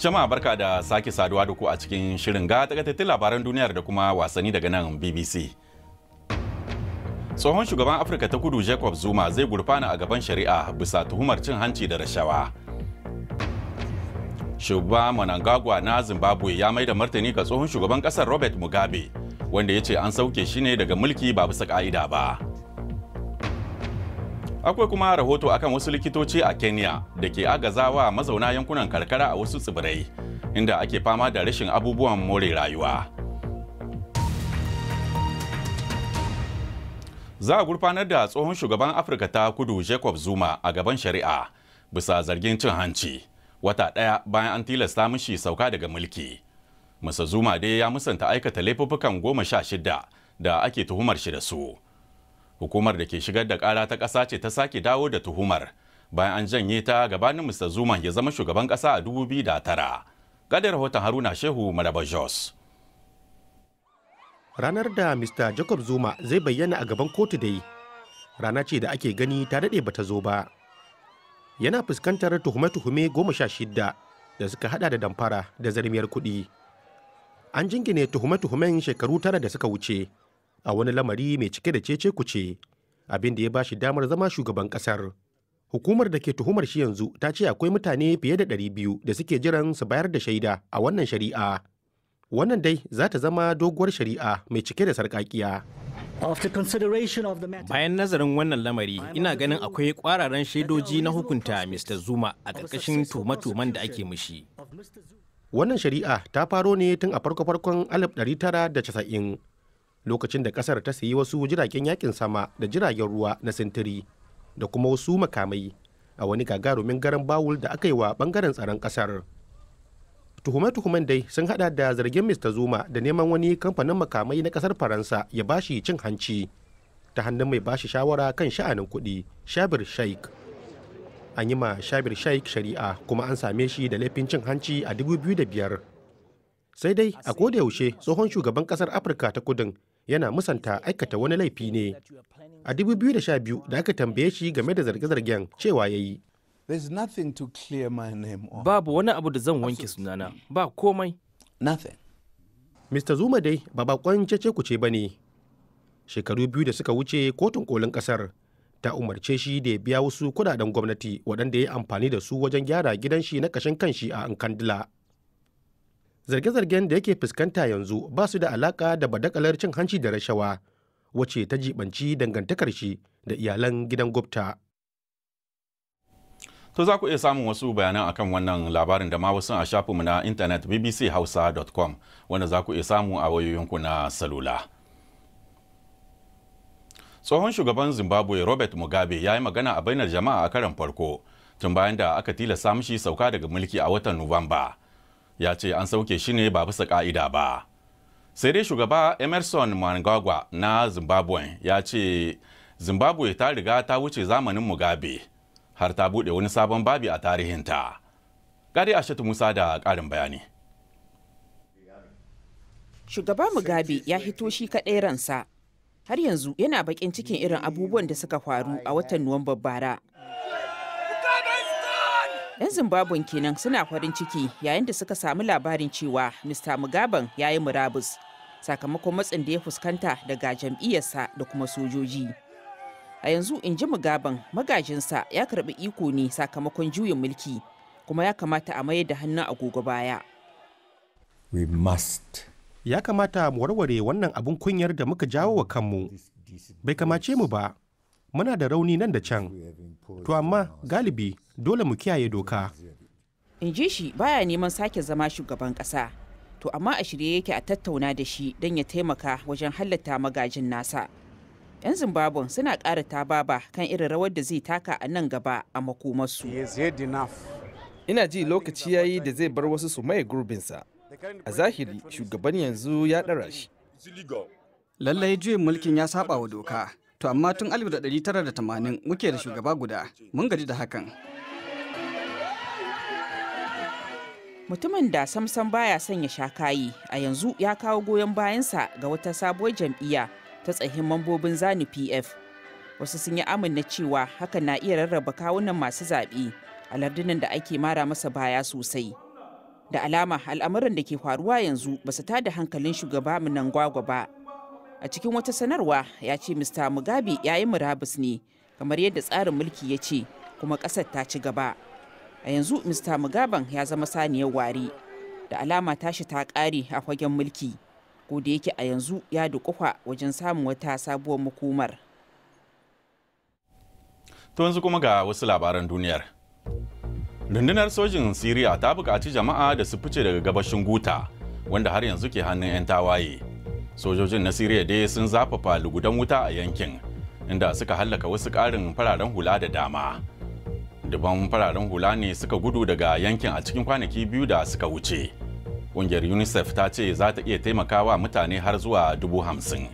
Jama'a barka da sake saduwa da ku a cikin shirin ga takaitattun labaran duniyar da kuma wasanni daga nan BBC. Tsohon shugaban Afirka ta kudu Jacob Zuma zai gurfana a gaban shari'a bisa tuhumar cin hanci da rashawa. Shugaban Mnangagwa na Zimbabwe ya maida martani ga tsohon shugaban kasar Robert Mugabe wanda ya ce an sauke shi ne daga mulki ba bisa ka'ida ba. Akwai kuma rahoto akan wasu likitoci a Kenya da ke agazawa mazauna yankunan karkara a wasu tsibirai inda ake fama da rashin abubuwan more rayuwa. Za a gurfanar da tsohon shugaban Afirka ta kudu Jacob Zuma a gaban shari'a bisa zargin cin hanci wata ɗaya bayan an tilasta mishi sauka daga mulki. Masa Zuma dai ya musanta aikata laifuffukan goma sha shida da ake tuhumar shi da su. hukumar da ke shigar da ƙara ta ƙasa ce ta sake dawo da tuhumar bayan an janye ta gabanin mr Zuma ya zama shugaban ƙasa a dubu da tara. gadar rahoton haruna shehu maraba jos ranar da mr jacob zuma zai bayyana a gaban kotu dai rana ce da ake gani ta daɗe ta zo ba yana fuskantar tuhume-tuhume goma sha shida da suka hada da damfara da zarmiyar kuɗi an jingine tuhume-tuhumen shekaru tara da suka wuce a wani lamari mai cike da cece kuce abin da ya ba shi damar zama shugaban kasar hukumar da ke tuhumar shi yanzu ta ce akwai mutane fiye da ɗari biyu da suke jiran su bayar da shaida a wannan shari'a wannan dai za ta zama doguwar shari'a mai cike da sarƙaƙiya Bayan nazarin wannan lamari, ina ganin akwai kwararan shaidoji na hukunta Mr. Zuma a ƙarƙashin tuhume-tuhumen da ake mushi. Wannan shari'a ta faro ne tun a farko-farkon 1990 lokacin da kasar ta sayi wasu jiragen yakin sama da jiragen ruwa na sintiri da kuma wasu makamai a wani gagarumin garan bawul da aka yi wa bangaren tsaron kasar tuhume-tuhumen dai sun hada da zargin mr zuma da neman wani kamfanin makamai na kasar faransa ya bashi cin hanci ta hannun mai bashi shawara kan sha'anin kuɗi shabir shaik an yi ma shabir shaik shari'a kuma an same shi da laifin cin hanci a 2005 sai dai a koda yaushe tsohon shugaban kasar afirka ta kudin yana musanta aikata wani laifi ne. A 2012 da aka tambaye shi game da zarge-zargen cewa ya yi. Babu wani abu da zan wanke sunana, ba komai. Mr. Zuma dai ba bakon cece kuce ba ne. Shekaru biyu da suka wuce kotun kolin kasar ta umarce shi da ya biya wasu kudaden gwamnati waɗanda ya yi amfani da su wajen gyara gidan shi na kashin kanshi a Ankandila. zarge-zargen da yake fuskanta yanzu ba su da alaka da badakalar cin hanci da rashawa wacce ta jibanci dangantakar shi da iyalan gidan gupta To za ku iya samun wasu bayanan akan wannan labarin da ma wasu a shafinmu na intanet bbchausa.com wanda za ku iya samu a wayoyinku na salula. Tsohon shugaban Zimbabwe Robert Mugabe ya yi magana a bainar jama'a a karan farko tun bayan da aka tilasta mishi sauka daga mulki a watan Nuwamba. ya ce an sauke shi ne ba bisa ka'ida ba sai dai shugaba emerson mangagwa na zimbabwe ya ce zimbabwe ta riga ta wuce zamanin mugabe har ta bude wani sabon babi a tarihinta gari ashatu musa da ƙarin bayani shugaba mugabe ya hito shi kaɗai ransa har yanzu yana bakin cikin irin abubuwan da suka faru a watan nuwamban bara 'Yan Zimbabwe kenan suna farin ciki yayin da suka samu labarin cewa Mr. mugaban ya yi murabus sakamakon matsin da ya fuskanta daga jam'iyyarsa da kuma sojoji. A yanzu in ji Mugaben magajinsa ya karbi iko ne sakamakon juyin mulki kuma ya kamata a mayar da hannun agogo baya. Ya kamata mu warware wannan abin kunyar da muka jawo wa kanmu. Bai kamace mu ba, muna da rauni nan da can. To amma galibi dole mu kiyaye doka in ji shi baya neman sake zama shugaban kasa to amma a shirye yake a tattauna da shi don ya taimaka wajen halatta magajin nasa 'yan zimbabwe suna ƙara tababa kan irin rawar da zai taka a nan gaba a makomarsu ina ji lokaci ya yi da zai bar wasu su maye gurbinsa a zahiri shugaban yanzu ya ɗara shi lallai juyin mulkin ya saba wa doka to amma tun 1980 muke da shugaba guda mun gaji da hakan mutumin da samsam baya son ya sha kayi a yanzu ya kawo goyon bayansa ga wata sabuwar jam'iyya ta tsahin mambobin zani pf wasu sun yi amina cewa hakan na iya rarraba kawunan masu zaɓe a lardunan da ake mara masa baya sosai da alama al'amuran da ke faruwa yanzu ba su tada hankalin shugaba gwagwa ba a cikin wata sanarwa ya ce mr mugabe ya yi murabus ne kamar yadda tsarin mulki ya ce kuma ƙasar ta ci gaba. a yanzu mr mugaban ya zama saniyar ware da alama tashi ta kare a fagen mulki ko da yake a yanzu ya dukufa wajen samun wata sabuwar makomar to yanzu kuma ga wasu labaran duniyar rundunar sojin siriya ta buƙaci jama'a da su fice daga gabashin guta wanda har yanzu ke hannun 'yan tawaye sojojin na siriya dai sun zafafa lugudan wuta a yankin inda suka hallaka wasu ƙarin fararen hula da dama dubban fararen hula ne suka gudu daga yankin a cikin kwanaki biyu da suka wuce ƙungiyar unicef ta ce za ta iya taimakawa mutane har zuwa dubu hamsin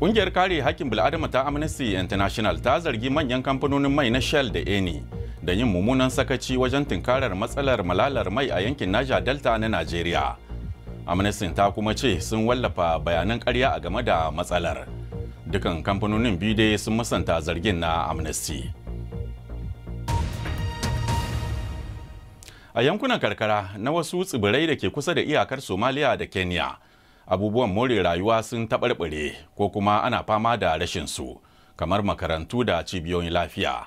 ƙungiyar kare hakkin bil'adama ta amnesty international ta zargi manyan kamfanonin mai na shell da eni da yin mummunan sakaci wajen tunkarar matsalar malalar mai a yankin Niger Delta na Najeriya. Amnesty ta kuma ce sun wallafa bayanan ƙarya a game da matsalar. dukan kamfanonin biyu dai sun musanta zargin na amnesty a yankunan karkara na wasu tsibirai da ke kusa da iyakar somaliya da kenya abubuwan more rayuwa sun taɓarɓare ko kuma ana fama da rashin su kamar makarantu da cibiyoyin lafiya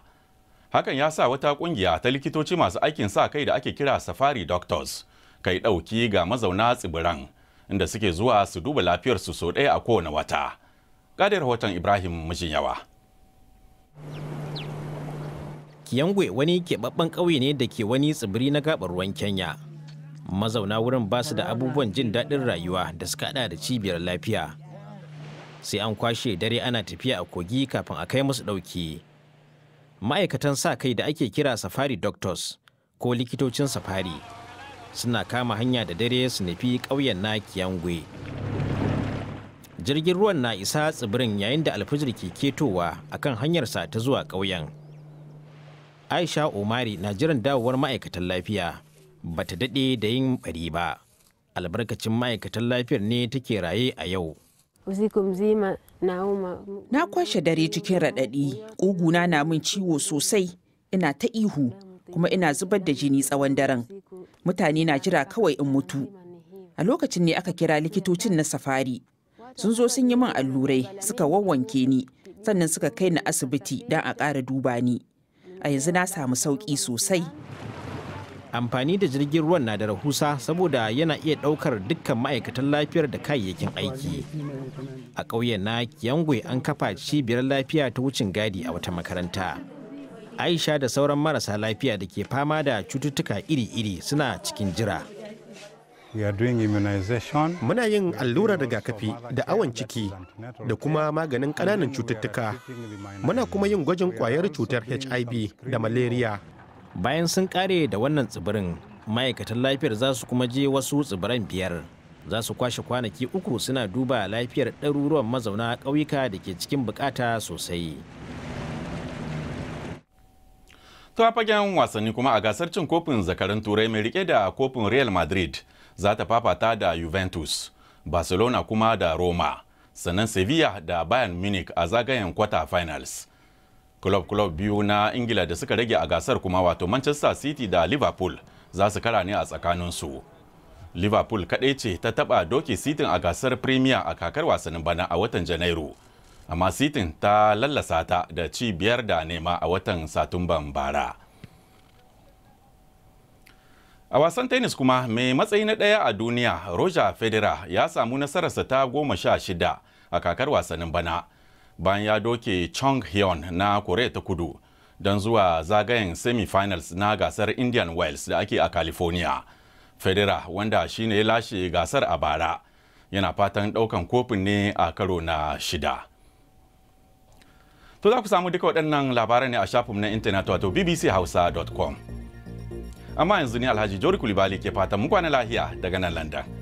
hakan ya sa wata ƙungiya ta likitoci masu aikin sa kai da ake kira safari doctors kai ɗauki ga mazauna tsibiran inda suke zuwa su duba lafiyarsu sau ɗaya a kowane wata gada rahoton ibrahim mijin yawa kiyangwe wani keɓaɓɓen ƙauye ne da ke wani tsibiri na gaɓar ruwan kenya mazauna wurin ba su da abubuwan jin daɗin rayuwa da suka haɗa da cibiyar lafiya sai an kwashe dare ana tafiya a kogi kafin a kai musu ɗauki ma'aikatan sa kai da ake kira safari doctors ko likitocin safari suna kama hanya da dare su nufi ƙauyen na kiyangwe jirgin ruwan na isa tsibirin yayin da alfijir ke ketowa akan hanyarsa ta zuwa ƙauyen aisha omari na jiran dawowar ma'aikatan lafiya ba ta daɗe da yin bari ba albarkacin ma'aikatan lafiyar ne take raye a yau na kwashe dare cikin raɗaɗi ƙuguna na min ciwo sosai ina ta ihu kuma ina zubar da jini tsawon daren mutane na jira kawai in mutu a lokacin ne aka kira likitocin na safari sun zo sun yi min allurai suka wawwanke ni sannan suka kai ni asibiti don a ƙara duba ni a yanzu na samu sauƙi sosai amfani da jirgin ruwan na da rahusa saboda yana iya ɗaukar dukkan ma'aikatan lafiyar da kayayyakin aiki a ƙauyen na yangwe an kafa cibiyar lafiya ta wucin gadi a wata makaranta aisha da sauran marasa lafiya da ke fama da cututtuka iri-iri suna cikin jira Muna yin allurar rigakafi da awon ciki da kuma maganin kananan cututtuka. Muna kuma yin gwajin kwayar cutar HIV da malaria. Bayan sun kare da wannan tsibirin, ma'aikatan lafiyar za su kuma je wasu tsibiran biyar. Za su kwashe kwanaki uku suna duba lafiyar ɗaruruwan mazauna ƙauyuka da ke cikin bukata sosai. Ta fagen wasanni kuma a gasar cin kofin zakaran turai mai rike da kofin Real Madrid. za ta fafata da Juventus, Barcelona kuma da Roma, sannan Sevilla da Bayern Munich a zagayen kwata finals. Club club biyu na Ingila da suka rage a gasar kuma wato Manchester City da Liverpool za su kara ne a tsakaninsu. Liverpool kaɗai ce ta taɓa doke sitin a gasar Premier a kakar wasannin bana a watan Janairu. amma sitin ta lallasa ta da ci biyar da nema a watan satumban bara. A wasan tennis kuma mai matsayi na ɗaya a duniya Roger Federer ya samu nasararsa ta goma sha shida a kakar wasannin bana bayan ya doke Chong Hyun na Korea ta kudu don zuwa zagayen semifinals na gasar Indian Wells da ake a California. Federer wanda shine ya lashe gasar a bara yana fatan ɗaukan kofin ne a karo na shida. To za ku samu duka waɗannan labaran ne a shafin na intanet wato bbchausa.com. amma yanzu ne alhaji jori kulibali ke fatan mu kwana lahiya daga nan london